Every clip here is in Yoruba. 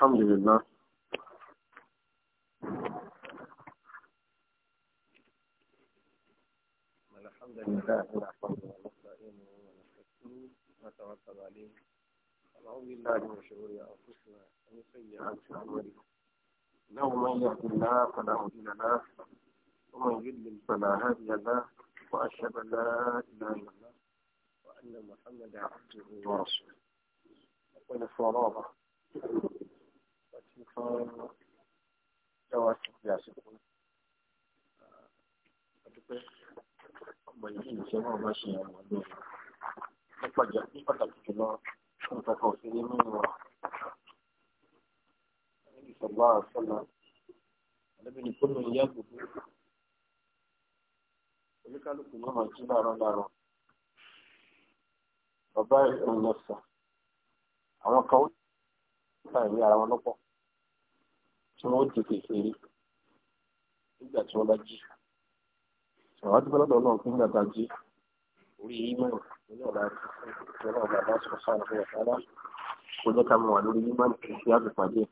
الحمد لله الحمد لله نحمده ونستعينه ونستغفره ونتوكل عليه ونعوذ بالله من شرور انفسنا ومن سيئات اعمالنا له من يهد الله فلا مضل له ومن يضلل فلا هادي له واشهد ان لا اله الا الله وان محمدا عبده ورسوله. وقل الصلاه fún ìjọba tó fi àsìkò àdúpẹ́ ọmọ yìí ìṣẹ́ náà bá ṣe àwọn ọmọ lóore ní pàtàkì jùlọ fún ìtọ́kọ̀ òṣèré mímu wa níbi ìṣọ̀gbà àṣọlá àlẹ́bí ni kónú ìyá gbogbo oníkálukú náà máa jí láàárọ̀ láàárọ̀ bàbá ìrìn lọ́sàn àwọn kan ó ń ta ìwé ara wọn lọ́pọ̀ tí wọ́n di kékeré nígbà tí wọ́n bá jí àwọn àti bọ́lá lọ́wọ́ fún nígbà tá a jí orí ìmọ̀ nínú ọ̀la ìjọba ọ̀la bá sọ sáà fún ọ̀tá kó jẹ́ ká mọ̀ wà lórí ìmọ̀ kì í ṣe àgbèpàdé.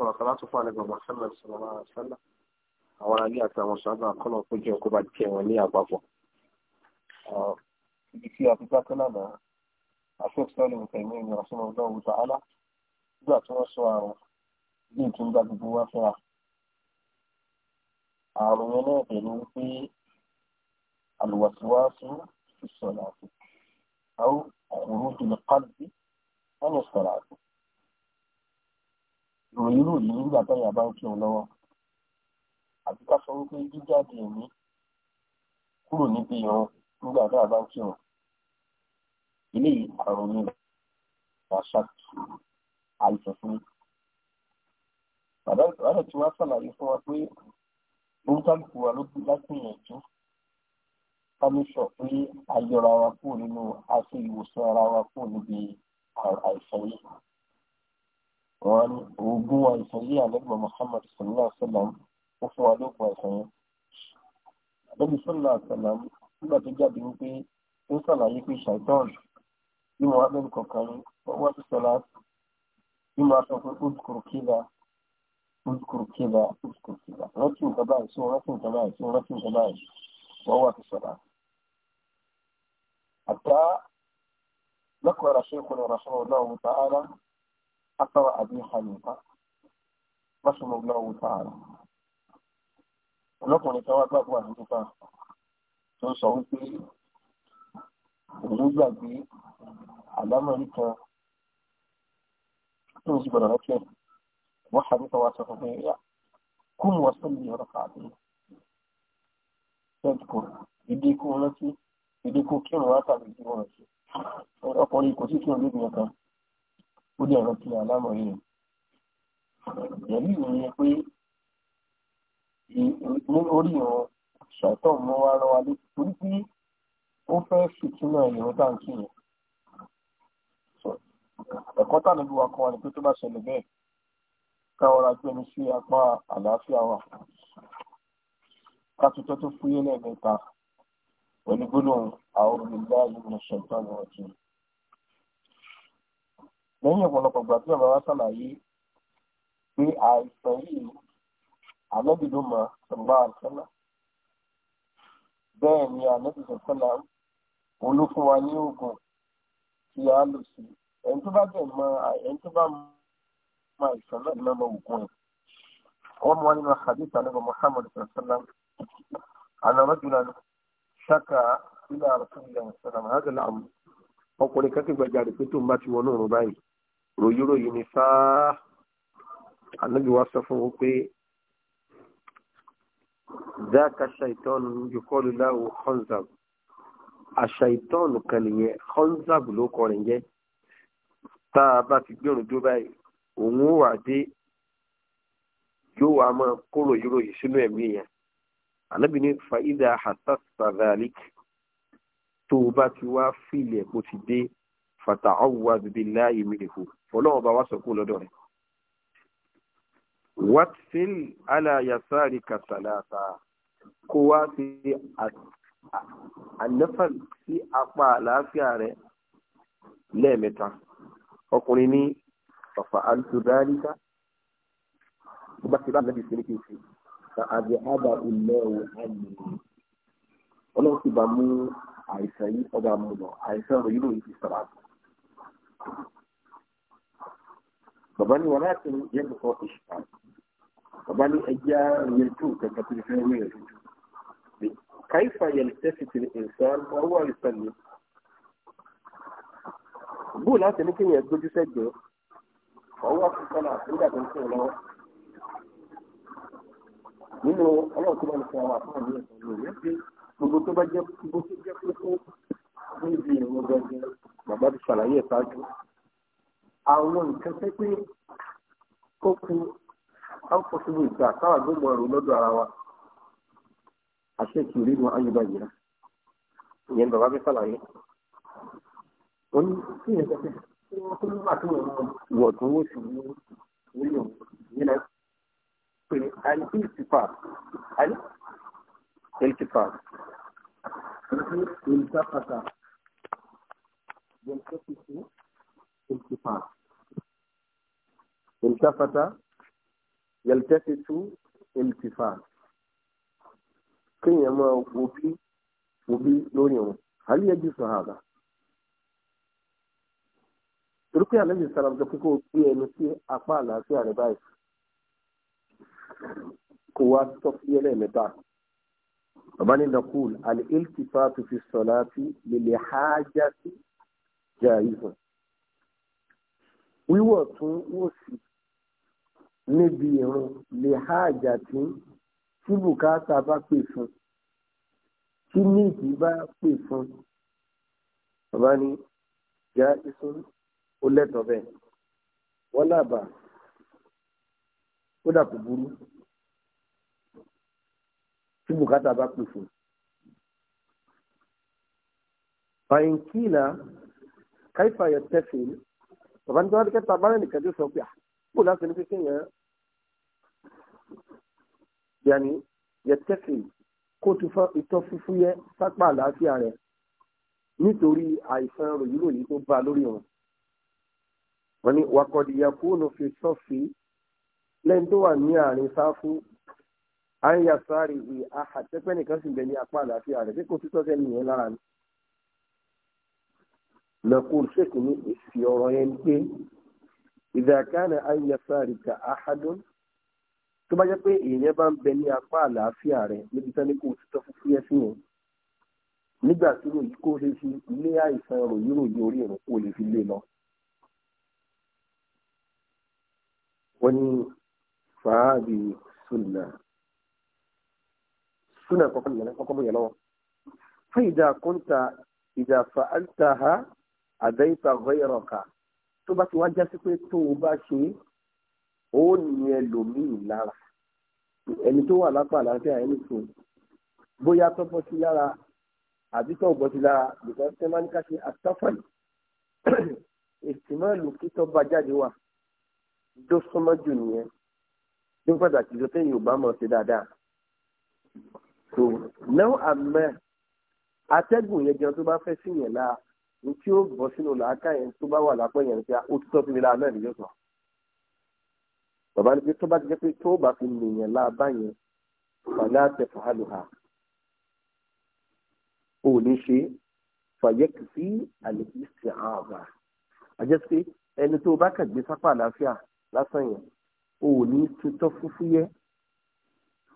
ọ̀rọ̀ kan láti fún àlẹ́gbọ̀n mọ̀sánlá ìṣọ̀lá sálá àwọn aráyé àti àwọn sábà kọ́nà kó jẹ́ kó bá jẹ́ wọn ní àpapọ̀. ibi tí a ti dákẹ́ lánàá àfẹ́sọ́lẹ̀ nǹkan ìmọ̀ ìmọ̀ ìrọ̀sọ́nà ọlọ́run ta'ala nígbà tí wọ́n sọ àrùn bíi tó ń gba gbogbo wa fúnra àrùn yẹn náà pẹ̀lú pé àlùwàsíwáṣú fi sọ̀rọ̀ àti àwọn kòrò ìlú pàdé wọn sọ̀rọ̀ àti ròyìn ròyìn nígbà táyà bá ń kírun lọ́wọ́ àti ká sọ wípé jíjáde ẹ̀mí kúrò níbi ìran nígbà táyà bá ń kírun eléyìí àrùn ni wàá ṣàkíyèsí àìsàn fún bàbá ìbára tí wọ́n ṣàlàyé fún wa pé òun kálukú wa ló gbé látìyànjú kámíṣọ̀ pé ayọ̀ra wa kúrò nínú aṣọ ìwòsàn ara wa kúrò níbi àìsàn yìí wọ́n ní oògùn àìsàn yìí àlẹ́gbọ̀n Muhammad sallallahu alaihi wa sallam ó fún wa lóògùn àìsàn yìí àlẹ́gbọ̀n sallallahu alaihi nígbà tó jáde wípé ó ṣàlàyé pé ṣàìtọ́ọ̀nù bí wọ́n á bẹ̀rù kọ̀ọ̀kan wọ́n wá sí sọ́lá yóò máa sọ pé udkur kíba udkur kíba udkur kíba rántí nǹkan báyìí sí rántí nǹkan báyìí sí rántí nǹkan báyìí wọ́n wà fi sọ̀rọ̀. àtà lọ́kọ̀ọ́ra ṣéèkùn ìrọ̀ṣọ́ ọlọ́run tààrà afẹ́wà àbí hanifa mọ́ṣúmọ́ ọlọ́run tààrà. ọlọ́kùnrin kan wá gbàgbọ́ àdúgbò tó sọ wípé òun gbàgbé àlámọ̀rí kan tí o sì gbọdọ̀ rẹ kí wọ́n ṣàbí tó wá sọ fún pé kún wọ́n sọ ní ọ̀rọ̀ kàdé ṣẹ́ẹ̀kù ìdínkù rántí ìdínkù kí wọ́n tàbí kí wọ́n rántí ọkùnrin kò sí kí wọ́n lóbi ọkàn ó dẹ̀ rántí alámọ̀ yìí pẹ̀lú ìròyìn pé ní orí ìran ṣàtọ̀ mọ́ wa lọ́wọ́ lé torí pé ó fẹ́ fìtínà ìrọ̀tàǹkì yẹn tá à níbi wà kan wà ní pé tó bá ṣẹlẹ̀ bẹ́ẹ̀ káwọn ra gbẹ̀mí sí apá àlàáfíà wa ká tuntun tó fúyé lẹ́ẹ̀mẹ́ta pẹ̀lú gbólóhùn àwọn olùdá yìí ní ṣẹ̀tọ́ ni wọ́n ti. lẹ́yìn ọ̀pọ̀lọpọ̀ ìgbà tí ọ̀bá wa ṣàlàyé pé àìsàn yìí ànábì ló mọ̀ ṣùgbọ́n àṣẹlá bẹ́ẹ̀ ni ànábì ṣẹ̀ṣẹ̀lá olú fún wa ní oògùn tí a lò sí ẹni tó bá dẹ̀ mọ ẹni tó bá mọ àìsàn náà ló mọ òògùn ẹ̀ wọ́n mú wa nínú hadith anabi muhammad sallam ana rajulan shaka ila rasulillah sallam hada la'am ọkùnrin kan ti gbàjarè pé tó ń bá ti wọnú òrùn báyìí ròyìnròyìn ni sáà anabi wa sọ fún wọn pé ذاك الشيطان يقول له خنزب الشيطان كان خنزب لو كان tá a bá ti gbẹ̀rún dúró báyìí òun ó wà dé yóò wá máa kóró yúròyè sínú ẹ̀mí yẹn ànábì ní fàídà hasasta dhalik tó o bá ti wá fìlẹ̀ kó ti dé fata awwa billahi minhu fọlọ́wọ́n bá wá sọ lọ́dọ̀ rẹ̀ watsil ala yasarika kó wá sí ànáfà sí apá àlàáfíà rẹ̀ lẹ́ẹ̀mẹ́ta ọkùnrin ní ọ̀fà àlùtòdáríkà tó bá ti bá ànábì sí ní kí n fi ta àjẹ àbá ilẹ̀ ẹ̀wọ̀ àmì ọlọ́run ti bá mú àìsàn yìí ọba mú lọ àìsàn rẹ̀ yìí ti sọ̀rọ̀ àgbà. bàbá ní tó yẹ kó ìṣàn bàbá ní ẹja yẹn tó kẹkẹ tó bóòlù láti ní kéèyàn gbójú sẹ́gbẹ̀ẹ́ ọwọ́ àkùnkànnà nígbà tó ń sè lọ́wọ́ nínú ọlọ́run tó bá ní sọ àwọn àfọwọ́ ní ẹ̀sán ní ìwé pé gbogbo tó bá jẹ́ gbogbo tó jẹ́ kókó níbi bàbá ti ṣàlàyé ìtajú àwọn nǹkan pé ku ìgbà táwọn ọ̀rọ̀ lọ́dọ̀ ara wa ó ní kí ni ẹ̀jẹ̀ pé wọ́n tó nígbà tó wọ́n wọ̀ tó wọ́n sì ní nílò yìí náà pé àìsífà àìsífà ní ìlúkàpàtà yẹnkẹ́sìsì ìlúkàpà ìlúkàpàtà yẹnkẹ́sìsì ìlúkàpà kéèyàn máa wo bí wo bí lórí wọn àlùyẹ jù sọ àgbà torí pé àlejò sára sọ pé kó o gbé ẹnu sí apá àlàáfíà rẹ báyìí kó wá sọ sí ẹlẹ́mẹ̀ta bàbá ní nakul al-iltifatu fi salati lil hajati jaizun wíwọ̀ tún wò sí níbi ìrun lè hajati tí bùkátà bá pè fún tí níìdí bá pè fún bàbá ní jaisun ó lẹ́tọ̀ọ́ bẹ́ẹ̀ wọ́n làbà kódà kò burú tí bùkátà bá pè fún un. fàyínkìlà káìfà yọ tẹ́fìn bàbá nítorí wọn kẹta bá rẹ̀nìkan tó sọ pé à kó láti ní kékeré yẹn yanni yẹ tẹ́fìn kó tu fọ́ itọ́ fúfú yẹ sápá àlàáfíà rẹ̀ nítorí àìsàn ròyìnròyìn tó bá lórí wọn wọ́n ní wakọ̀dìyà kúnnù fi sọ́ọ̀fì lẹ́yìn tó wà ní àárín sáfù àyà sáré ìwé àhàtẹ́pẹ́ nìkan sì bẹ ní apá àlàáfíà rẹ̀ bí kò sí nìyẹn lára ni. nàkúl ṣèkì ní èsì ọ̀rọ̀ yẹn pé ìdàkánà àyà sáré ka àhàdùn tó bá jẹ́ pé èèyàn bá ń bẹ ní apá àlàáfíà rẹ̀ níbi tán ní kò sí tọ́ fún sí yẹn nígbà tí ròyìn kó ṣe sí ilé àìsàn ròyìn ròyìn orí ìrùn kó lè fi lé lọ. wọ́n ní fàábì súnà súnà kọ́kọ́ nìyẹn kọ́kọ́ mú yẹn lọ́wọ́ fún ìdá kúńtà ìdá fàáltà ha àdáyìntà ghayraka tó bá ti wá jásí pé tó o bá ṣe ó ní ẹlòmíì lára ẹni tó wà lápá àlàáfíà ẹni tó bóyá tó bọ́ sí lára àbí tó bọ́ sí lára nìkan tẹ́ máa ń ká ṣe àtọ́fọ̀lì ìtìmọ́lù kí tó bá jáde wà tó súnmọ́ jù nìyẹn ní pàtàkì jọ téèyàn ò bá mọ̀ ṣe dáadáa so now àmọ́ atẹ́gùn yẹn gan tó bá fẹ́ sí yẹn láà ní tí ó bọ́ sínú làákà yẹn tó bá wà lápẹ́ yẹn nípa ó ti tọ́ sí mi láà náà nìyẹn sọ bàbá ní pé tó bá ti jẹ́ pé tó bá fi nìyẹn láà bá yẹn fàlẹ́ àtẹ̀fọ́ àlùhà ò ní ṣe fàyẹ́kì sí àlè ìsìn àwọn àbá àjẹsí ẹni tó bá kàgbé sápá àlàáfíà lásán yẹn o ò ní tutọ́ fúfú yẹ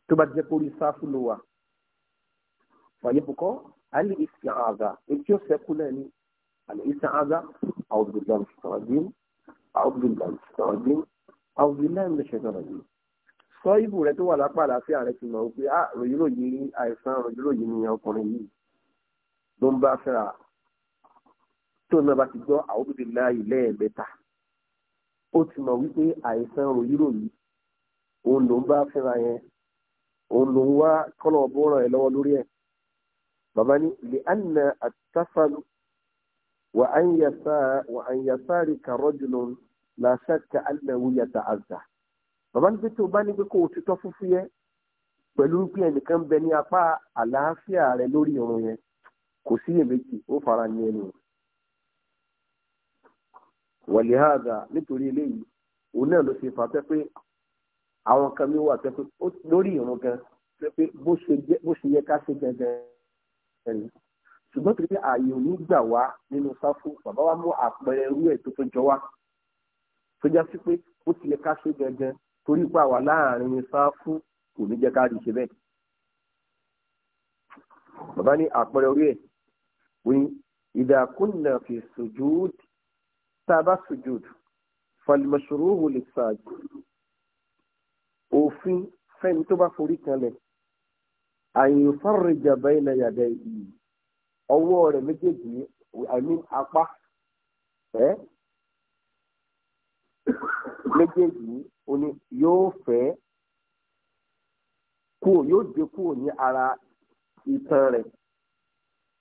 tó bá jẹ́ kórí sáfù ló wà fàyẹ̀bùkọ́ àlè ìsìn àgà etí ó sẹ́kù náà ni àlè ìsìn àgà أعوذ بالله من الشيطان الرجيم أعوذ بالله من الشيطان بالله من الشيطان الرجيم sọ ibù rẹ tó wà lápá àlàáfíà rẹ ti mọ̀ pé a ah, ròyìnròyìn àìsàn ròyìnròyìn ni ọkùnrin yìí ló ń bá fẹ́ra tó náà bá ti gbọ́ àwòbìdì láàyè lẹ́ẹ̀mẹ́ta ó ti mọ̀ wípé àìsàn ròyìnròyìn òun ló ń bá fẹ́ra yẹn òun ló ń wá kọ́nà ọ̀bọ ràn ẹ́ lọ́wọ́ lórí ẹ̀. bàbá ní lè á nà àtàfàlù wà á ń yàsáàrì kàrọ́jùlọ làṣàkà àlẹ́wò yàtà àzà. bàbá ní pé o bá ní pé kó o ti tọ́ fúfú yẹ pẹ̀lú pé ẹnìkan bẹ ní apá àlàáfíà rẹ lórí irun yẹn kò síyèméjì ó fara ní ẹnu rẹ wàlíhàdà nítorí eléyìí òun náà ló ṣe fà pé pé àwọn kan mi wà pé pé lórí ìrún gan pé pé bó ṣe yẹ ká ṣe gẹ́gẹ́ ẹni ṣùgbọ́n torí pé ààyè ò ní gbà wá nínú sáfù bàbá wa mú àpẹẹrẹ irú ẹ̀ tó tó jọ wá tó já sí pé bó ti yẹ ká ṣe gẹ́gẹ́ torí pé àwa láàrin sáfù kò ní jẹ́ ká rí ṣe bẹ́ẹ̀. bàbá ní àpẹẹrẹ orí ẹ̀ wí ìdàkúnnà fi sujud tá a bá sujud falimasorohu lè ṣáájú òfin fẹ́ni tó bá forí kanlẹ̀ àyìnfàrìjà báyìí náà yàda yìí ọwọ́ rẹ̀ méjèèjì àmì apá ẹ́ méjèèjì oní yóò fẹ́ kúò yóò dé kúò ní ara ìtàn rẹ̀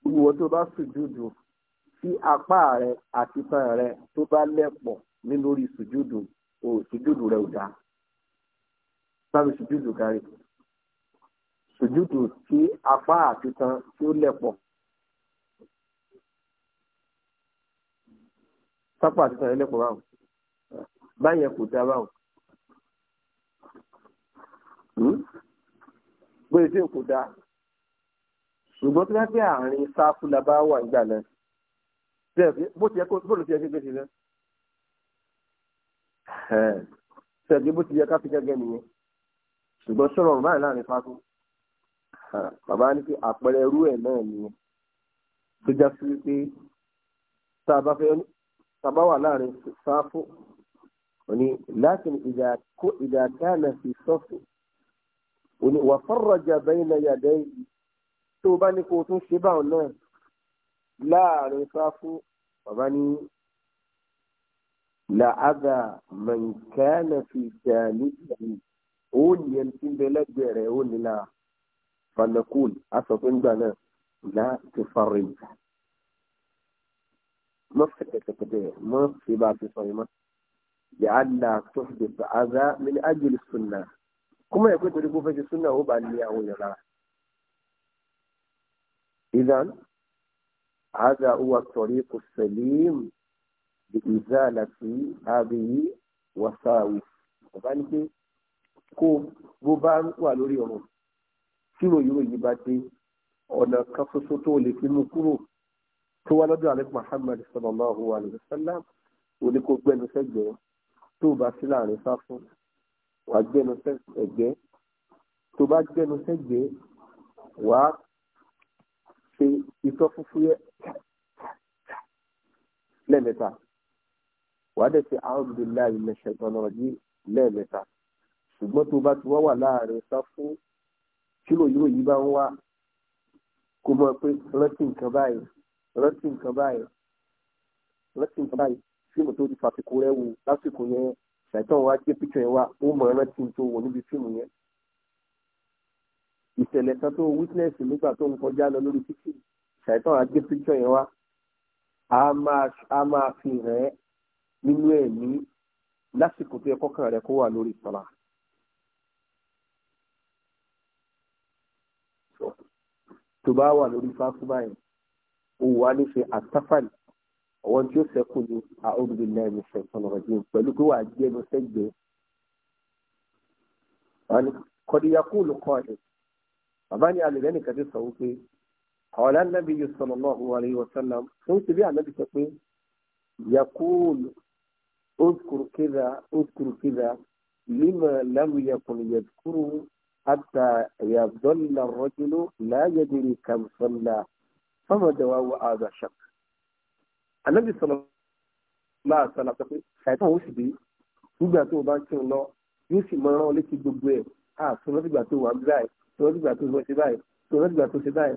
ìwọ tó bá sùjúdù tí apá rẹ àti itan rẹ tó bá lẹ̀pọ̀ ní lórí sùjúdù o sùjúdù rẹ ò dáa sáré sùjúdù kárí sùjúdù tí apá àti itan tí ó lẹ̀pọ̀ sápá àti itan rẹ lẹ̀pọ̀ báwọn báyẹn kò dáa báwọn hmm? bóyá tí kò dáa ṣùgbọ́n tí wọ́n fẹ́ àárín sáfù la wà nígbà náà bó ti yẹ kó bó ló ti yẹ kó gbèsè náà sẹ́ẹ̀dì bó ti yẹ ká fi gẹ́gẹ́ nìyẹn ṣùgbọ́n sọ̀rọ̀ ọ̀rọ̀ báyìí láàrin fásitì bàbá ní pé àpẹẹrẹ irú ẹ̀ náà nìyẹn tó já sí pé tá a bá fẹ́ tá a bá wà láàrin sáfù òní láti ìdá kánà sí sọ́fù òní wà fọ́rọ̀ jà bẹ́yìn náà yàdẹ́ yìí tó bá ní kó tún ṣe báwọn náà láàrin sáfù bàbá ní làádà mọ̀nkánà fi jàní ìyàní ó ní ẹni tí ń bẹ lẹ́gbẹ̀ẹ́ rẹ̀ ó nílà fanakul asọ̀pẹ́ngbà náà láti farija má fi kẹ̀kẹ́kẹ́kẹ́ má fi bá a ti sọ yìí má yàrá tó fi dèbò àdá mi ní ájúlì sunna kúmọ ẹ̀kọ́ torí هذا هو الطريق السليم لإزالة هذه وساوس وبانك kó bó bá wà lórí ọ̀rọ̀ tí ròyìnrò yìí bá dé ọ̀nà kan ṣoṣo tó lè fi mú kúrò tó wá lọ́dọ̀ alẹ́ Muhammad sallallahu alayhi wa sallam òní kó gbẹnu sẹ́gbẹ́ tó bá sí láàrin sáfù wàá gbẹnu sẹ́gbẹ́ tó bá gbẹnu sẹ́gbẹ́ wàá ṣe ìtọ́ fúfú yẹ lẹ́ẹ̀mẹ́ta wàá dẹ̀ ṣe a'udhu billahi minash shaitanir rajim lẹ́ẹ̀mẹ́ta ṣùgbọ́n tó bá ti wá wà láàrin sáfù kílò yóò yí bá ń wá kó mọ̀ pé rántí nǹkan báyìí rántí nǹkan báyìí rántí nǹkan báyìí fíìmù tó ti fàfikù rẹ wò lásìkò yẹn ṣàìtàn wa gbé píkṣọ yẹn wá ó mọ rántí tó wò níbi fíìmù yẹn ìṣẹ̀lẹ̀ kan tó wítínẹ̀sì nígbà tó ń kọjá lọ lórí títì ṣàìtàn wa gbé píkṣọ yẹn a máa a máa fi hàn ẹ́ nínú ẹ̀mí lásìkò tó yẹ kọ́kàn rẹ kó wà lórí sọ́la. tó bá wà lórí fáfúbá yẹn ó wà ní ṣe àtàfàlì ọwọ́n tí ó sẹ́kù ní àóbìnrin náà ṣẹ̀tàn ọ̀rọ̀ jẹun pẹ̀lú pé wàá jẹ́ ẹnu sẹ́gbẹ̀ẹ́. kọ́díyàkú ló kọ́ ẹ̀ bàbá ní alẹ́ lẹ́nìkan ti sọ wípé قال النبي صلى الله عليه وسلم قلت بها النبي تقول يقول اذكر كذا اذكر كذا لما لم يكن يذكره حتى يظل الرجل لا يدري كم صلى فما دواء هذا الشك النبي صلى الله عليه وسلم تقول شيطان وش بي nígbà tó o bá ń kí n lọ yóò sì mọ ẹran létí gbogbo ẹ àtúntò nígbà tó wà ń báyìí tó nígbà tó ṣe báyìí tó nígbà tó ṣe báyìí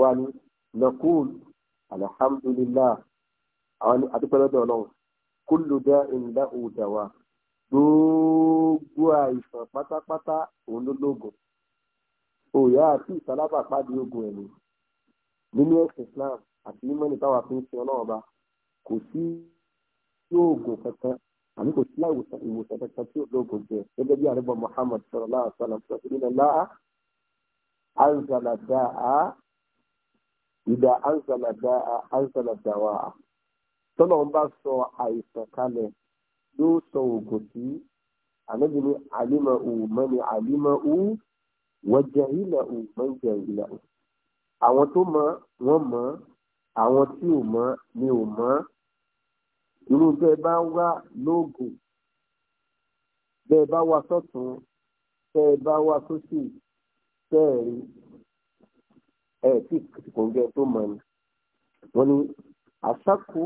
wà ní nakul alhamdulillah àwọn ní adúpẹ́lọ́dọ̀ ọlọ́run kullu da'in lahu dawa gbogbo àìsàn pátápátá òun ló lóògùn òyà àti ìsalábà pàdé ogun ẹ̀mí nínú ẹ̀sìn Islam àti mímọ́ni táwa fi ń sin ọlọ́run ọba kò sí lóògùn kankan àmì kò sí láìwòsàn ìwòsàn kankan tí olóògùn jẹ gẹ́gẹ́ bí àrẹ́bọ̀ Muhammad sallallahu alaihi wasallam sọ pé nílẹ̀ láà anzala dáa ìdá ansaladawa tọ́lọ̀ ń bá sọ àìsàn kalẹ̀ yóò sọ ògùn sí ànábi ní àlímọ̀ òmọ́ ni àlímọ̀ ó wọ́jà ilẹ̀ òmọ́ ń jẹ ilẹ̀ ó. àwọn tó mọ̀ wọ́n mọ̀ àwọn tí ò mọ̀ ni ò mọ̀ irú bẹ́ẹ̀ bá wá lóògùn bẹ́ẹ̀ bá wá sọ́tún bẹ́ẹ̀ bá wá sósì bẹ́ẹ̀ rí ẹ tí kò ń jẹ tó mọ ni wọn ni àṣàkó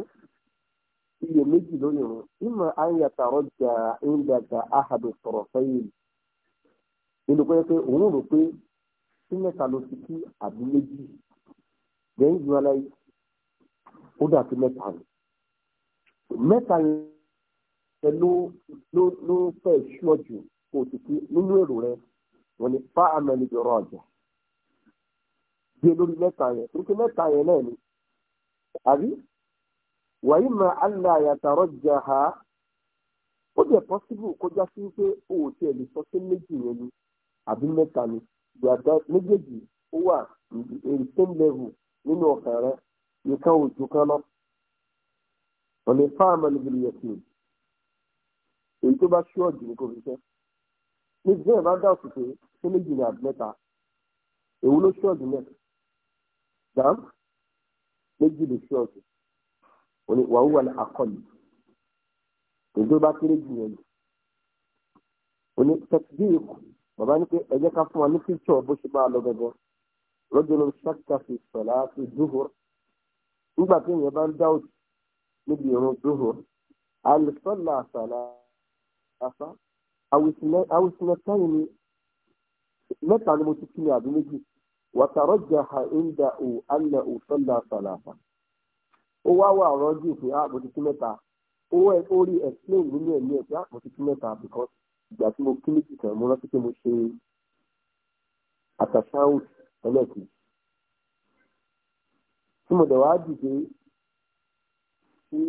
iye méjì lórí irun ìmọ̀ àyàtà ọjà ìdàgbà àhàdù sọ̀rọ̀ sẹ́yìn nínú pé pé òun rò pé sí mẹ́ta ló ti kí àbí méjì lẹ́yìn ìgbìmọ̀ aláì ó dà sí mẹ́ta ni mẹ́ta yẹn ló ló ló fẹ́ ṣúọ́ jù kó o ti kí nínú èrò rẹ wọn ni fáàmì jọrọ ọjà gbé lórí mẹ́ta yẹn tó ṣe mẹ́ta yẹn náà ni àbí wàyí mà àlà àyàtàrọ̀ jà ha ó jẹ́ pọ́sibú kọjá sí pé o ò tiẹ̀ lè sọ sí méjì yẹn ni àbí mẹ́ta ni gbàgbá méjèèjì ó wà èrè same level nínú ọ̀kàn rẹ nìkan ò kan lọ. wọ́n ní fáàmù ẹlẹ́gbẹ̀rẹ̀ yẹn kì í èyí tó bá ṣọ́ọ̀jù ní kò fi ṣẹ́ ní ìdílé ìbá dá òsì sí méjì ni àbí mẹ́ta èwo ló ṣọ́ọ̀jù mẹ́ta dam méjì lè ṣe ọ̀sẹ̀ òní wàá wà ní akọni èdè bá kéré jù yẹn òní tẹkidíìkù bàbá ní pé ẹ jẹ́ ká fún wa ní fíjọ bó ṣe máa lọ gẹ́gẹ́ lọ́jọ́ ló ń ṣàkíyà fi sọ̀lá fi dúró nígbà tí èèyàn bá ń dá òtún níbi ìrún dúró àlùsọ̀lá àṣàlà àṣà àwòsílẹ̀ ni mo ti kí ni àbí méjì wàtàrọ́jàhà ìndà ò ànà ò sọ́là sàlàfà. ó wá wà rọ́jú pé àpò ah, títí mẹ́ta ó rí explain nínú ẹ̀mí ẹ̀ pé àpò ah, títí mẹ́ta because ìgbà tí mo kí ní kìkan mo rántí pé mo ṣe àtàṣáwù ẹlẹ́ẹ̀kì. tí mo dẹ̀ wá dìde sí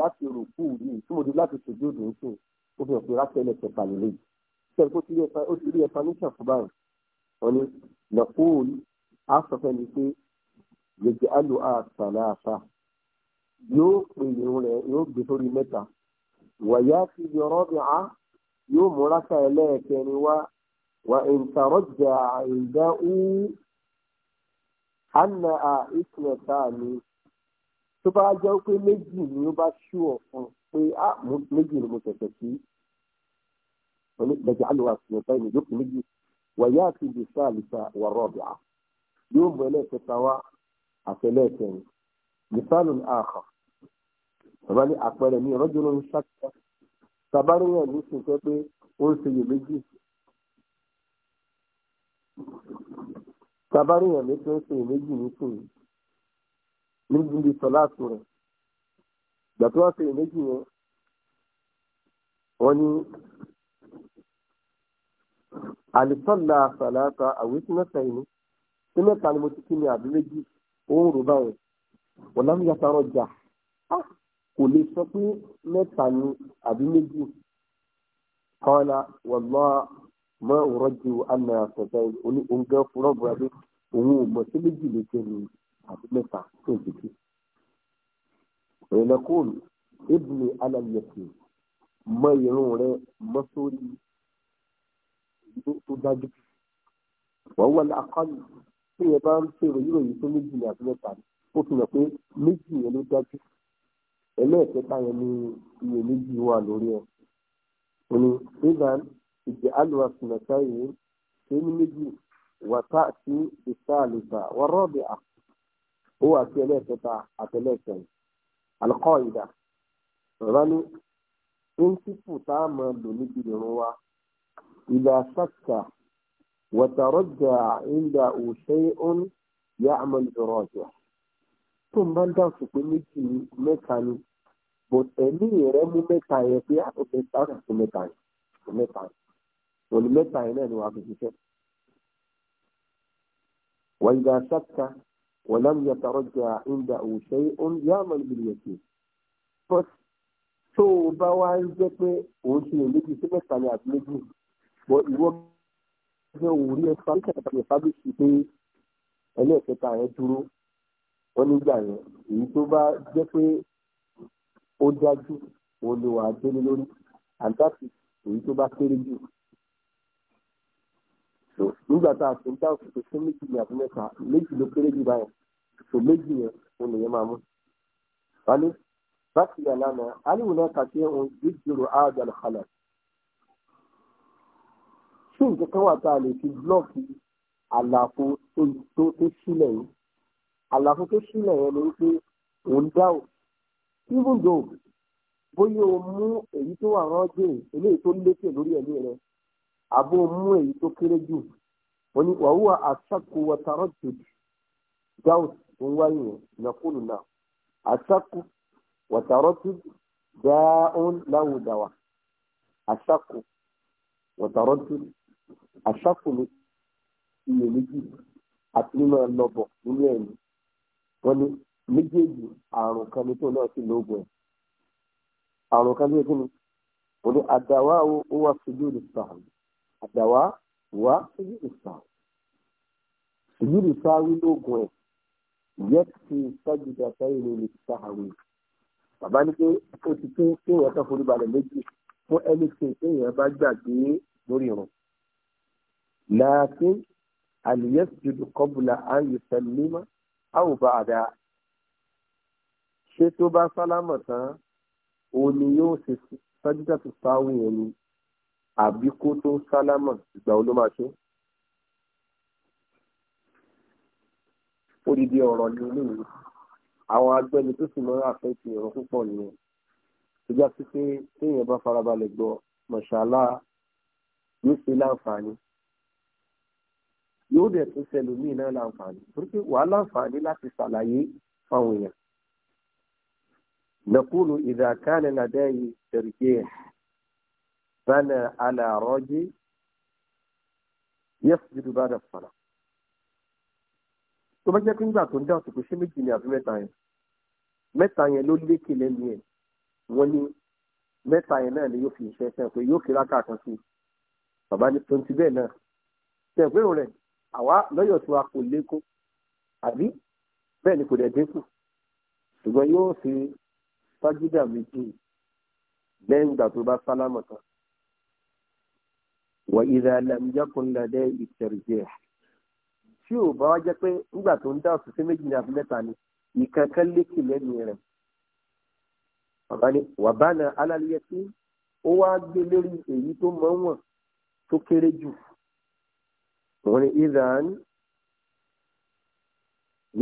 láti rò kú yìí tí mo dé láti ṣèjú òdòdó ó fi hàn pé rákẹ́ ẹlẹ́kẹ̀ẹ́ balẹ̀ lẹ́yìn. ṣé ẹ kó ti rí ẹ faníṣà fún báyìí wọ́n ní nàkúùl á sọ fẹ́ni pé gbèsè àlù àtàlà àṣà yóò pè irun rẹ̀ yóò gbé sórí mẹ́ta wàyà fi yọrọ bí a yóò múra ká ẹlẹ́ẹ̀kẹrin wá wà ìntàrọ̀jà àìdá ń hànà à ìsìnẹ̀ta mi tó bá jẹ́ pé méjì ni ó bá ṣú ọ̀fun pé a méjì ni mo tẹ̀tẹ̀ sí gbèsè àlù àtàlà àṣà yóò pè méjì wàyà àti ìgbésà àlùfà wà rọ̀bì à yóò mú ẹlẹ́ẹ̀kẹta wá àtẹlẹ́ẹ̀kẹrin mìsàlù àkà bàbá ní àpẹẹrẹ mi rọ́jò ló ń ṣàkíyà tàbárí rẹ̀ ló sì fẹ́ pé ó ń ṣe iyèméjì tàbárí rẹ̀ ló ti ń ṣe iyèméjì nísìnyí níbi sọláàtù rẹ̀ gbàtúwàsí iyèméjì yẹn wọ́n ní àlùsọ́là sàlàtà àwítí mẹ́ta ìní tí mẹ́ta ni mo ti kí ni àbí méjì òun rò báyìí wọ́n lámú yàtọ̀ ọjà kò lè sọ pé mẹ́ta ni àbí méjì kọ́lá wọ́lá mọ́ òwúrọ̀ ju àmì àtọ̀tọ̀ oní oúnjẹ fúnra bùrọ̀ pé òun ò mọ̀ sí méjì lè jẹ́ ni àbí mẹ́ta tó ti kí. ìrìnàkùn ibùdó alàyẹ̀sìn mọ ìrún rẹ mọ sórí tó dájú wọ́n wà ní akọ́ni tí yẹn bá ń ṣèrò yíròyìn tó méjì ní àti mẹ́ta ni ó fi hàn pé méjì yẹn ló dájú ẹlẹ́ẹ̀kẹta yẹn ni iye méjì wà lórí ẹ̀ ó ní ivan ìjẹ alùpàá sinata yìí ṣe ní méjì wàtá sí ìsáàlùfà wọ́rọ́ọ̀dì à ó wà sí ẹlẹ́ẹ̀kẹta àtẹlẹ́ẹ̀kẹrin alùkọ́ ìdá rani ń sípò tá máa lò níbi ìrún wa. إذا شك وترجع عنده شيء يعمل براجع tó ń bá ń dàsù pé méjì mẹ́ta ni but ẹ̀mí rẹ̀ mú mẹ́ta yẹn pé àtúntẹ̀ sáà fún mẹ́ta yẹn mẹ́ta yẹn òní mẹ́ta yẹn náà ni wàá fi ṣiṣẹ́. وإذا شك ولم يترجع عنده شيء يعمل باليقين but tó o bá wá ń jẹ́ pé òun ṣe lè méjì sí mẹ́ta ni àti méjì pọ̀ ìwọ gbẹ́ òun rí ẹ̀fábíṣà tàbí ẹ̀fábíṣì pé ẹlẹ́ẹ̀kẹta yẹn dúró wọ́n nígbà yẹn èyí tó bá jẹ́ pé ó dájú òun ló wà á délé lórí and that is èyí tó bá kéré jù so nígbà tá a sì ń dá òṣìṣẹ́ fún méjì ní àbí méjì ló kéré jù báyẹn so méjì yẹn òun nìyẹn máa mú wálé bákìyà lánàá aníwò náà òun yìí jùlọ áàdà lọ́kàlà ṣé nǹkan kan wà tá a lè fi búlọ́ọ̀kì àlàfo tó tó sílẹ̀ yìí àlàfo tó sílẹ̀ yẹn ló ń pé òun dá o even though bóyá o mú èyí tó wà rọ́jò eléyìí tó lékè lórí ẹ̀mí rẹ àbó o mú èyí tó kéré jù wọ́n ní wàhùwà àṣàkó wọ́tàrọ́ jòdì doubt ń wáyé yẹn nàkúlù náà àṣàkó wọ́tàrọ́ jòdì dáhùn láwùdáwà àṣàkó wọ́tàrọ́ jòdì àṣàkùnrin iyèméjì àti nínú ọlọ́bọ̀ nínú ẹ̀yìn wọ́n ní méjèèjì àrùn kan ní tó náà sì lóògùn ẹ̀ àrùn kan bíi kíni wọ́n ní àdàwà ó wà síjú ìsàlù àdàwà wà síjú ìsàlù síjú ìsàlù lóògùn ẹ̀ yẹ kí sájúdà sáyẹn ní ìsàlù bàbá ní pé ó ti tó kéèyàn kan forí balẹ̀ méjì fún ẹni tí kéèyàn bá gbàgbé lórí irun lakin àlìyẹ́sìdùdù kọ́bùlà àyùsẹ̀límà àwùbá àdá ṣé tó bá sálámọ̀ tán òun ni yóò ṣe sájúdà tó sáwùn yẹn ni àbí kó tó sálámọ̀ ìgbà wo ló máa ṣe. odidi ọ̀rọ̀ ni eléyìí àwọn agbẹ́ni tó sì máa ń àfẹ́tì ọ̀rọ̀ púpọ̀ nìyẹn tó sí pé téèyàn bá farabalẹ̀ gbọ́ mọ̀ṣálá yóò ṣe láǹfààní yóò dẹ̀ tún sẹlòmíì náà láǹfààní torí pé wàá láǹfààní láti ṣàlàyé fáwọn èèyàn. nàkúlù ìdàkánì làdáyé tẹ̀rìkẹ́ bánà alàrọ́jì yẹ́sì dídú bá dàpọ̀ fàlà. tó bá jẹ́ pé nígbà tó ń dá òsìkò ṣé méjì ni àbí mẹ́ta yẹn mẹ́ta yẹn ló lékè lẹ́nu yẹn wọ́n ní mẹ́ta yẹn náà ni yóò fi iṣẹ́ pé yóò kí lákàtúntì bàbá ní tontì bẹ́ẹ̀ náà sẹ́yìn rẹ̀ àwa lọ́yọ̀ tí wa kò lékún àbí bẹ́ẹ̀ ni kò dẹ̀ dínkù ṣùgbọ́n yóò ṣe fájídà méjì lẹ́yìn ìgbà tó bá sálámà tán wà ìdá lẹ́mìjọ́kùn lẹ́dẹ́ ìtẹ̀rìjẹ́ tí ò bá wá jẹ́ pé nígbà tó ń dá òṣìṣẹ́ méjì ní àbí ni ìkankan lékì lẹ́nu rẹ̀ bàbá ni wà bá na alálẹ́yẹ tí ó wá gbé lórí èyí tó mọ́ wọ̀n tó kéré jù wọ́n ní idan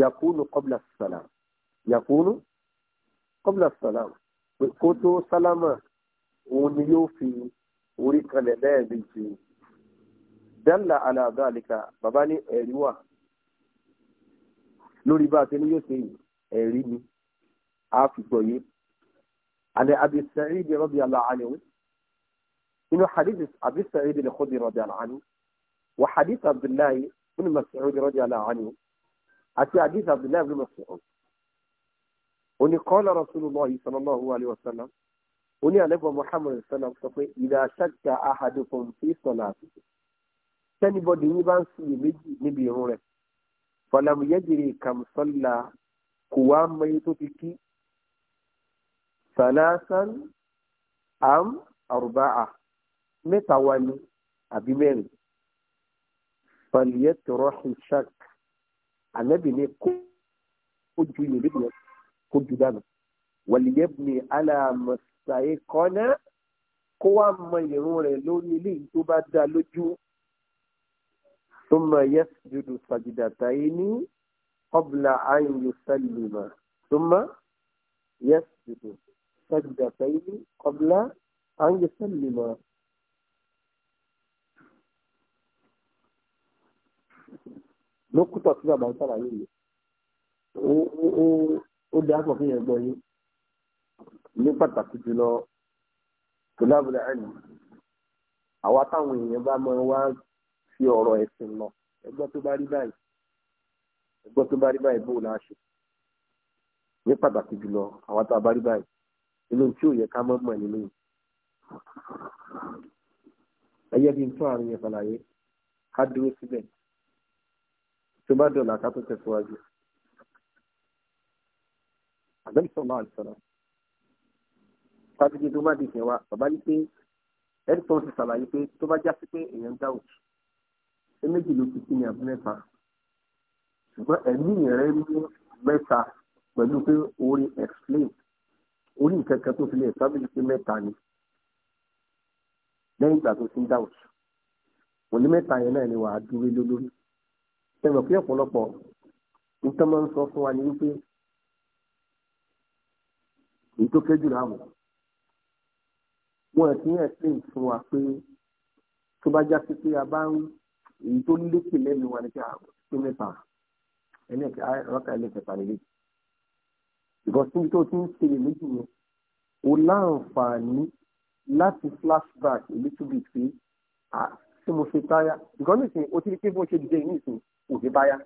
yakunu qabla salam yakunu qabla salam kó tó sálámà òun ni yóò fi orí kalẹ̀ lẹ́ẹ̀mejì dalla ala dhalika bàbá ní ẹ̀rí wà lórí bá a ti ní yóò ṣe ẹ̀rí ni a fi gbọ́ yé عن أبي سعيد رضي الله عنه من حديث أبي سعيد الخدري رضي الله عنه wa hadith abdullahi ibn mas'ud radiyallahu anhu àti hadith abdullahi ibn mas'ud oni qala rasulullah sallallahu alayhi wa sallam oni alebo muhammad sallam sọ pé idha shakka ahadukum fi salatihi tẹ́nibọ́dì yín bá ń siyè méjì níbi ìrun rẹ̀ fọlàmù yẹ́jìrì kàmsọ́là kò wá mẹ́yẹ tó ti am arba'a mẹ́ta wá fàlìyẹ́tọ̀rọ̀hìn shark ànábì ní kó ju ìrèlè yẹn kó ju dànù wàlìyẹ́bùnì alàmọ̀sàyé kọ́nà kó wá mọ ìrún rẹ̀ lórí ilé yìí tó bá dá lójú tó mọ yẹ́sùdùdù sàjìdàtàyé ní ọ̀bùlà àyìnlò sẹ́lìmà tó mọ yẹ́sùdùdù sàjìdàtàyé ní ọ̀bùlà àyìnlò sẹ́lìmà. lókùtọ̀ tí bàbá ń sàlàyé yìí ó dá pọ̀ fún yẹn gbọ́ yín ní pàtàkì jùlọ tòlábùlẹ̀ ẹ̀nì àwa táwọn èèyàn bá máa wá fi ọ̀rọ̀ ẹ̀sìn lọ ẹgbọ́ tó bá rí báyìí ẹgbọ́ tó bá rí báyìí bóun náà ṣe ní pàtàkì jùlọ àwa tá a bá rí báyìí inú tí ò yẹ ká mọ́ mọ̀ nínú yìí ẹyẹ bí n tún àrùn yẹn fàlàyé ká dúró síbẹ̀ tó bá dọ̀là ká tó tẹ̀síwájú. àdébí sọ̀rọ̀ máa sọ̀rọ̀ fásitì tó má di ìfẹ́ wa bàbá ní pé edison ti ṣàlàyé pé tó bá já sí pé èèyàn ń dáwò ẹ méjì ló ti kí ni àbí mẹ́ta ṣùgbọ́n ẹ̀mí rẹ mú mẹ́ta pẹ̀lú pé orí explain orí ìkẹ́kẹ́ tó fi lè sábìlì pé mẹ́ta ni lẹ́yìn ìgbà tó ti ń dáwò wọ́n ní mẹ́ta yẹn náà ni wàá dúró lórí ẹ̀rọ pé ọ̀pọ̀lọpọ̀ nǹkan máa ń sọ fún wa ni wípé èyí tó kéjù láàmú wọn ti ń ẹ̀sìn fún wa pé tó bá já sí pé a bá ń èyí tó lékè lẹ́nu wa ni pé àpé mẹ́ta ẹlẹ́kẹ̀ rákà ẹlẹ́kẹ̀ta nílé ìbọn síbi tó ti ń ṣe lè méjì yẹn o láǹfààní láti flashback a little bit pé ah, ṣé mo ṣe táyà ìgbọ́n o ti rí pé bó ṣe dìde yìí nìsín òbí báyá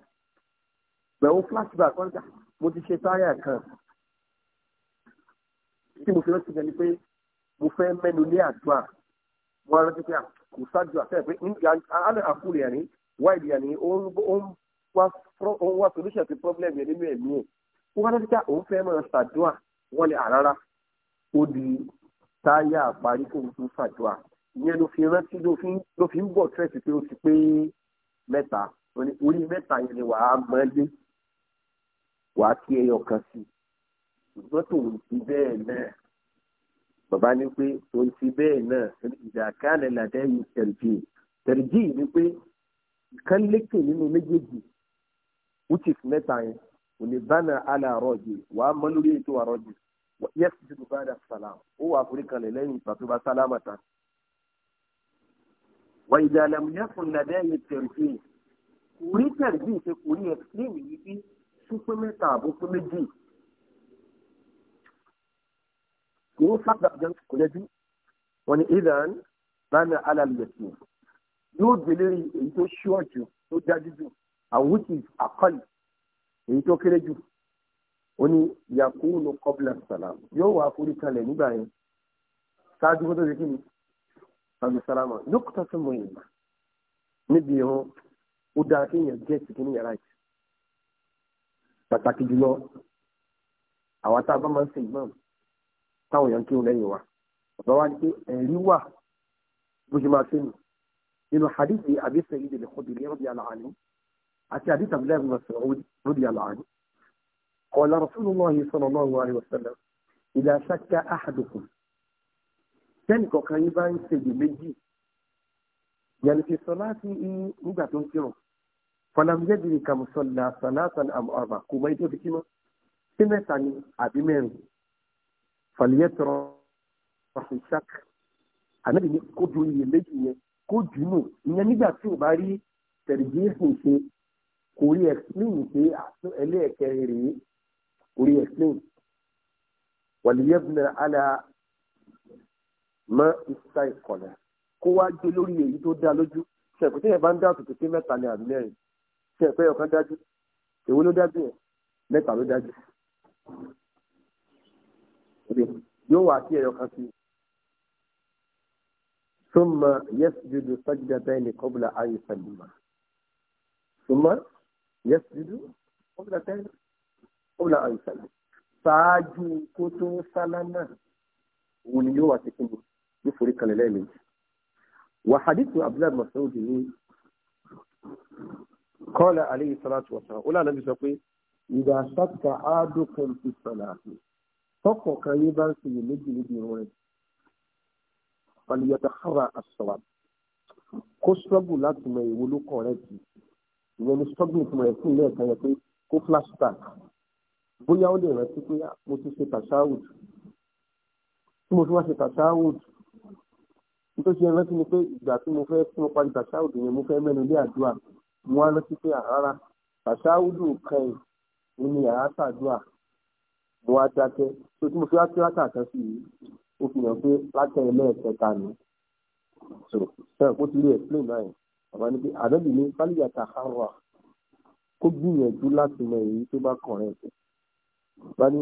pẹ̀lú flashback kọ́ńtà mo ti ṣe táyà kan tí mo fi rántí gan ni pé mo fẹ́ mẹ́nu ní àdúrà mo rántí pé kò ṣáájú àfẹ́ pé alẹ́ àkúrẹ́ ẹ̀rín wáìdì ẹ̀rín ó ń wá solution to problem yẹn nínú ẹ̀mí ẹ̀ wọ́n rántí pé òun fẹ́ máa ṣàdúrà wọ́n lè àrárá ó di táyà àparí kò tún ṣàdúrà ìyẹn ló fi rántí ló fi ń bọ̀ tẹ́sí pé ó ti pé mẹ́ta orí mẹ́ta yẹn ni wàá mọ́lé wàá kí ẹyọ kan sí ṣùgbọ́n tòun ti bẹ́ẹ̀ náà bàbá ní pé tòun ti bẹ́ẹ̀ náà ìdàkálẹ̀ làdẹ́yìn tẹ̀rìjì tẹ̀rìjì ni pé kan lékè nínú méjèèjì which is mẹ́ta yẹn kò ní bánà àlà àrọ́jì wàá mọ́ lórí ètò àrọ́jì yẹ́sì ti dùn bá dà sàlám ó wà àforí lẹ̀ lẹ́yìn ìgbà tó bá sálámà tán. wà ìdàlẹ̀ mú yẹ́sùn làdẹ́yìn tẹ̀rìjì orí tẹ̀lé bí ìṣe kò rí ẹ̀sìn yìí bí súpé mẹ́ta àbó pé méjì kò sábà jẹ́ kò lẹ́jú wọn ni iran rana alalẹ̀sìn yóò gbélé èyí tó ṣíwájú tó dájú jù and which is akọ́lì èyí tó kéré jù ó ní yakunu kọ́bílà sàlám yóò wá forí kalẹ̀ nígbà yẹn ṣáájú kó tó ṣe kí ni sàbí sàlámà yóò kó tó ṣe mọ̀ yìí níbi ìhun ó dára kí èèyàn gẹ̀ẹ́sì kí ní yàrá yìí pàtàkì jùlọ àwa tá a bá máa ń ṣe ìmọ̀ táwọn èèyàn kí ó lẹ́yìn wa bàbá wa ni pé ẹ̀rí wà bó ṣe máa ṣe nù nínú hadithi Abi Sa'id al-Khudri radiyallahu anhu àti hadith Abdullah ibn Mas'ud radiyallahu anhu qala Rasulullah sallallahu alaihi wasallam idha shakka ahadukum tẹ́nì kọ̀ọ̀kan yín bá ń ṣe iyèméjì yẹn ti sọ láti nígbà tó ń kírun falam yadiri kam sọlá salatan am arba kò mọ ijó fitinu sí mẹ́ta ni àbí mẹ́rin faliyẹ tọrọ wàhùn sak anabi ni kó ju iye méjì yẹn kó jùnú ìyẹn nígbà tí o bá rí tẹ̀lifíṣìn ṣe kò rí explain pé ẹlẹ́ẹ̀kẹrin rèé kò rí explain wàlíyẹ́bùnà àlà mọ́ ìsá ìkọ̀lẹ̀ kó wá gbé lórí èyí tó dá lójú ṣẹ̀kùtẹ́yẹ̀ e bá ń dá àtúntò pé mẹ́ta ni àbí mẹ́rin ṣe ẹ̀fẹ́ ọ̀kan dájú èwo ló dájú ẹ̀ mẹ́ta ló dájú yóò wà sí ẹ̀yọ kan sí i. ثم يسجد سجدتين قبل أن يسلم ثم يسجد سجدتين قبل أن يسلم ṣáájú kó tó sálámà òun ni yóò wà sí kí ni yóò forí kalẹ̀ lẹ́ẹ̀mejì. وحديث عبد الله مسعود kọ́lá aleyhi salatu wasalam ó lànà bí sọ pé ìdá sábà àádókùn ti sọ̀nà àti tọkọ̀ kan yín bá ń ṣe méjì níbi ìrún rẹ̀ pàlìyàtà hàrà àṣọwà kó sọ́gùn láti mọ èwo ló kọ̀ rẹ̀ tì ìyẹn ni sọ́gùn fún rẹ̀ fún ilé ẹ̀ka yẹn pé kó flashback bóyá ó lè rántí pé ah, mo ti ṣe tàṣáwùd tí mo fi wá ṣe tàṣáwùd nítorí ṣe rántí ni pé ìgbà tí mo fẹ́ tí mo mo wá lọ́tí pé àrárá pàṣáwùdù kẹyìn ó ní àrá ṣàdúrà mo wá dákẹ́ tó tí mo fi wá kí wákà kan sí yìí ó fi hàn pé látẹ̀yìn lẹ́ẹ̀kẹta ni so sẹ́yìn kó ti lè explain náà yẹn àmọ́ pé àdébì ní fálíyàtà harwa kó gbìyànjú láti mọ èyí tó bá kàn rẹ̀ bá ní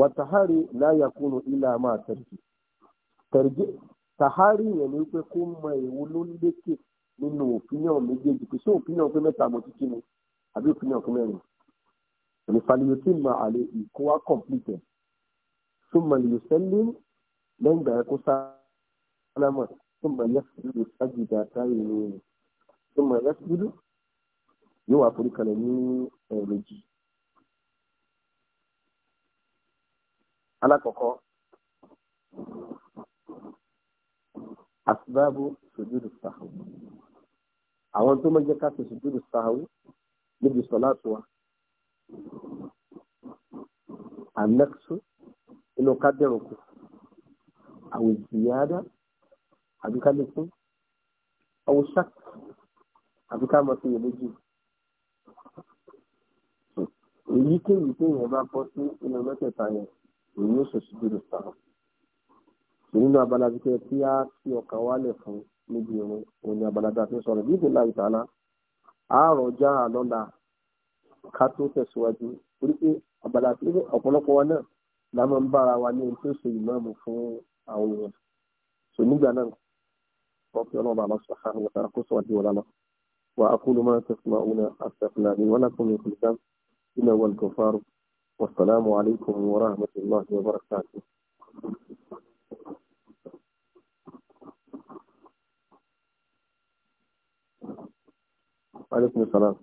wàtàhárì láyà kúnnù ilà máa tẹ̀rẹ̀jẹ̀ tẹ̀rẹ̀jẹ̀ tàhárì yẹn ni pé kó mọ èwo ló lékè nínú opinion méjèèjì kò sí opinion pé mẹ́ta mo ti kí ni àbí opinion pé mẹ́rin ẹni fàlìyé tí mà àlè ìkó wa complete tó mà lè sẹ́lẹ̀ lẹ́yìn ìgbà yẹn kó sá alámọ̀ tó mà yẹ sílẹ̀ sájì dáadáa ìlú rẹ̀ tó mà yẹ sílẹ̀ yóò wá forí kalẹ̀ ní ẹ̀ẹ̀mejì. alákọ̀ọ́kọ́ asbábù sujud sahwi àwọn tó máa jẹ́ ká ṣe sùjúdù sáháwù níbi sọ̀láàtù wa anẹ́kṣu inú ká dẹ̀rùn kù àwọn ìyáàdá àbíkálẹ́kùn àwọn ṣáàkì àbíká máa fi yẹ̀ méjì èyíkéyìí tó yẹn bá bọ́ sí inú mẹ́tẹ̀ẹ̀ta yẹn èyí yóò ṣe sùjúdù sáháwù nínú abala bíi kí a fi ọkàn wálẹ̀ fún un níbi irun òun ni àbàlàdà fi sọ̀rọ̀ bí ìdílé ìtàlá àárọ̀ já àlọ́la ká tó tẹ̀síwájú torí pé àbàlà tí ọ̀pọ̀lọpọ̀ wa náà la máa ń bára wa ní ohun tó ṣe ìmáàmù fún àwọn èèyàn sò nígbà náà wọ́n fi ọlọ́ba lọ sọ àwọn ọ̀tá kó sọ àdéhùn lánàá wà á kúlù máa tẹ̀síwá òun àtẹ̀fúnà ní wọn lákùnrin ìkùnìkan ìnáwó alùpùpù wàsálàmù alaykum wa rahmatulahi wa barakatuh. aleykum salaam.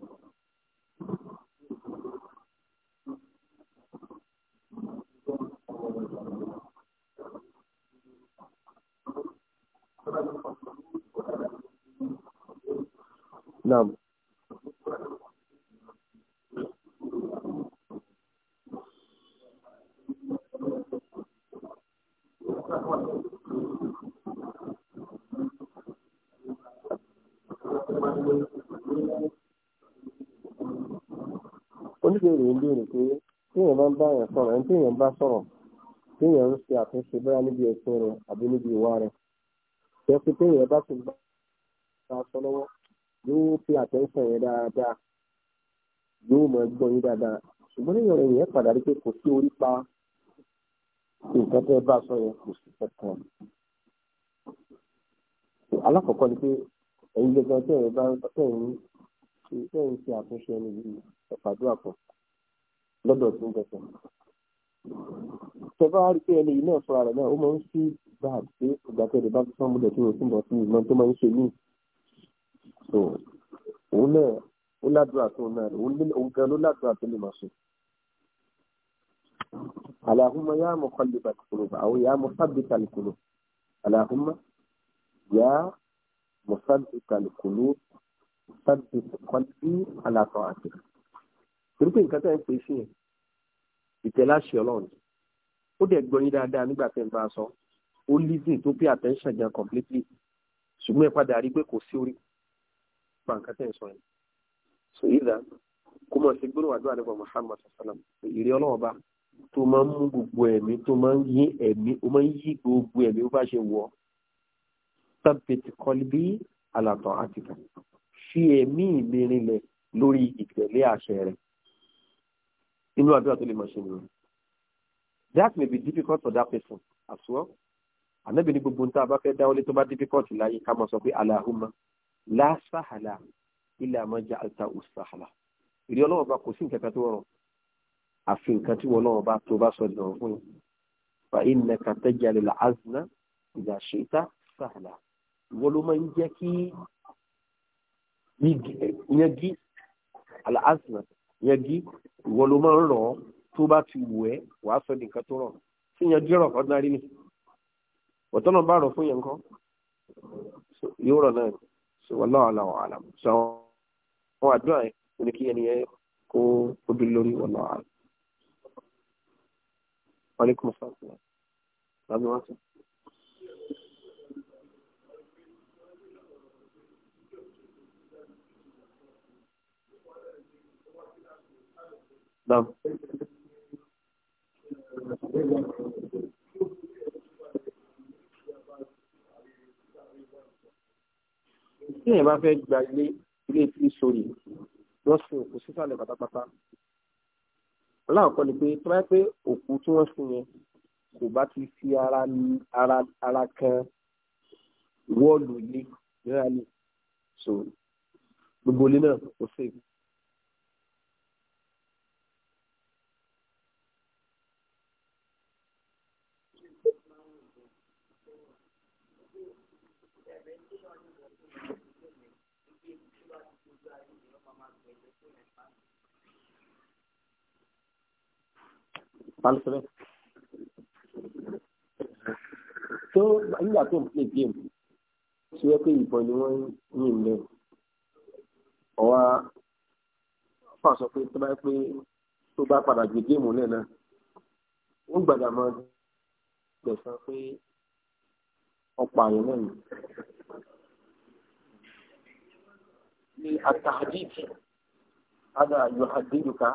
Naam. e ń béèrè pé téèyàn bá ń bá èèyàn sọ̀rọ̀ ẹni téèyàn bá sọ̀rọ̀ téèyàn ń ṣe àtúnṣe bóyá níbi ẹ̀sìn rẹ̀ àbí níbi ìwà rẹ̀ jẹ́pẹ́ téèyàn bá ti gbà bá sọ lọ́wọ́ yóò fi yẹn dáadáa yóò mọ ẹgbọ́n yín dáadáa ṣùgbọ́n padà rí pé kò sí orí pa nǹkan tẹ́ bá sọ yẹn kò sí kankan. alákọ̀ọ́kọ́ ni pé ẹ̀yin gbẹ̀gbẹ̀ bá ṣe àtúnṣe ẹni yìí lọ́dọ̀ tó ń gbẹ̀sẹ̀. tẹ́fà rí pé ẹni yìí náà fúnra rẹ̀ náà ó máa ń sí bá a pé ìgbà tẹ̀lé bá tún mú dẹ̀tí òsín bọ̀ sí ìmọ̀ tó máa ń ṣe míì. so òun náà ó ládùúrà tó ń náà òun gan ló ládùúrà tó lè máa ṣe. اللهم يا مقلب القلوب أو يا مثبت القلوب اللهم يا مثبت القلوب ثبت قلبي على طاعتك. Irúfẹ́ nǹkan tẹ́ ń pè é sí yẹn ìtẹ́láṣẹ ọlọ́run ó dẹ̀ gbọ́ yín dáadáa nígbà tẹ́ ń bá a sọ ó listen tó pay attention gan completely ṣùgbọ́n ẹ padà rí i pé kò sí orí pa nǹkan tẹ́ ń sọ yẹn so ìdá kó mọ̀ sí gbóná àdúrà nípa Muhammad sallam ìrẹ́ ọlọ́run bá tó máa ń mú gbogbo ẹ̀mí tó máa ń yí ẹ̀mí ó máa ń yí gbogbo ẹ̀mí bó bá ṣe wọ̀ tábìtì kọlíbí àlàtọ̀ àtìkà fi ẹ̀mí ìlérinlẹ̀ lórí ìtẹ̀lé àṣẹ rẹ̀ inú àdúrà tó lè máa ṣe nìyẹn that may be difficult for that person as well ànábì ní gbogbo nta bá fẹ́ dáwọ́lé tó bá difficult láyé ká máa sọ pé alahuma la sahala illa ma ja'alta usahala ìrí ọlọ́wọ́ bá kò sí nǹkan kan tó rọrùn àfi nǹkan tí wọn lọ́wọ́ bá tó bá sọ dùn fún un fa innaka taj'alu al-azna idha shi'ta sahla ìwọ ló máa ń jẹ́ kí yẹn gí al-azna yẹgi ìwọ ló máa ń rọ̀ ọ́ tó bá ti wù ẹ́ wàá sọ nìkan tó rọ̀ sí yẹn dírọ̀ ordinary ni ọ̀tọ́ náà bá rọ̀ fún yẹn nǹkan yóò rọ̀ náà sọ wallahu a'lam wàhálà sọ àwọn àdúrà yẹn kò ní kí ẹni yẹn kó o dúró lórí wallahu a'lam. Wa alaikum assalam. Naam. Tí èèyàn bá fẹ́ gba ilé ilé tí í sórí wọ́n sin òkú sísàlẹ̀ pátápátá. Aláàkọ́ ni pé tó bá pé òkú tí wọ́n sin yẹn kò bá ti fi ara ara ara kan wọ́ọ̀lù ilé rírà ní. So gbogbo ilé náà kò sèkú. sálùsọ bẹ́ẹ̀. tó nígbà tó ń pè game ṣe wẹ́ pé ìbọn ni wọ́n yìn lẹ́ ọ̀wá fà sọ pé tó bá pé tó bá padà gbé géèmù lẹ̀ náà wọ́n gbàdá máa gbẹ̀sán pé ọ̀pọ̀ àyè náà ni. ni àtàdíjì ada yóò àdéjù ká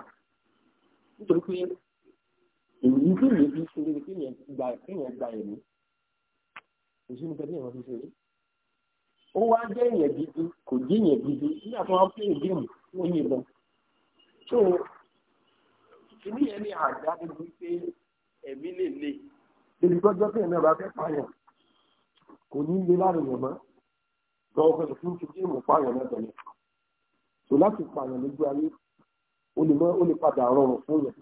èyí tí mi fi ṣeré kí yẹn gba kéèyàn gba ẹ̀mí èyí ni tẹ́lẹ̀ wọn fi ṣeré ó wá jẹ́ èèyàn gidi kò jẹ́ èèyàn gidi nígbà tó wá pé ìgbéèmù wọ́n yìnbọn tó ìní yẹn ní àgbá gbogbo pé ẹ̀mí lè le débi gbọ́dọ̀ pé ẹ̀mí ọba fẹ́ pààyàn kò ní le láàrin yẹn mọ́ lọ́wọ́ pẹ̀lú fún ti géèmù pààyàn náà tẹ̀lé tó láti pààyàn lójú ayé ó lè padà rọrùn fún yẹn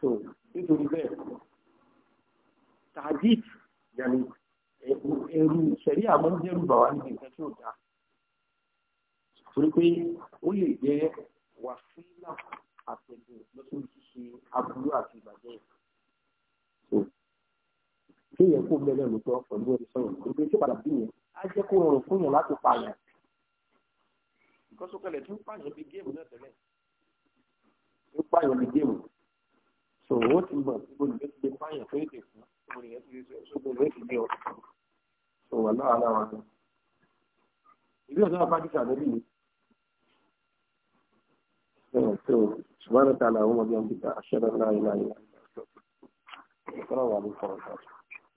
so nítorí bẹ́ẹ̀ tajid yàrá ẹrù sẹ̀rí àmọ́ jẹ́rù bàwá níbi nǹkan tí ò dá torí pé ó lè jẹ́ wàsílà àtẹ̀gùn lọ́sọ̀rọ̀ ṣíṣe aburú àti ìbàjẹ́ kéèyàn kó mẹ́lẹ̀ lóòótọ́ pẹ̀lú ẹni sọ̀rọ̀ gbogbo tí padà bí yẹn á jẹ́ kó rọrùn fún yàn láti pààyàn. ìkọ́sọ́kẹ́lẹ̀ tí ń pààyàn bíi géèmù náà tẹ́lẹ̀ ń pààyàn bíi géèmù so ó ti mọ̀ olùgbé ti fáyà pé èdè fún olùyẹn ti ṣe ṣùgbọ́n olùyẹn ti gbé ọ so wà láàárọ̀ wa ni ìbí ọ̀dọ́ àbájíkà lórí mi so ṣùgbọ́n àti àlàó mọ̀ bí wọ́n ti gbà aṣẹ́dọ̀ náà ìlànà ìlànà ìlànà ìlànà ìlànà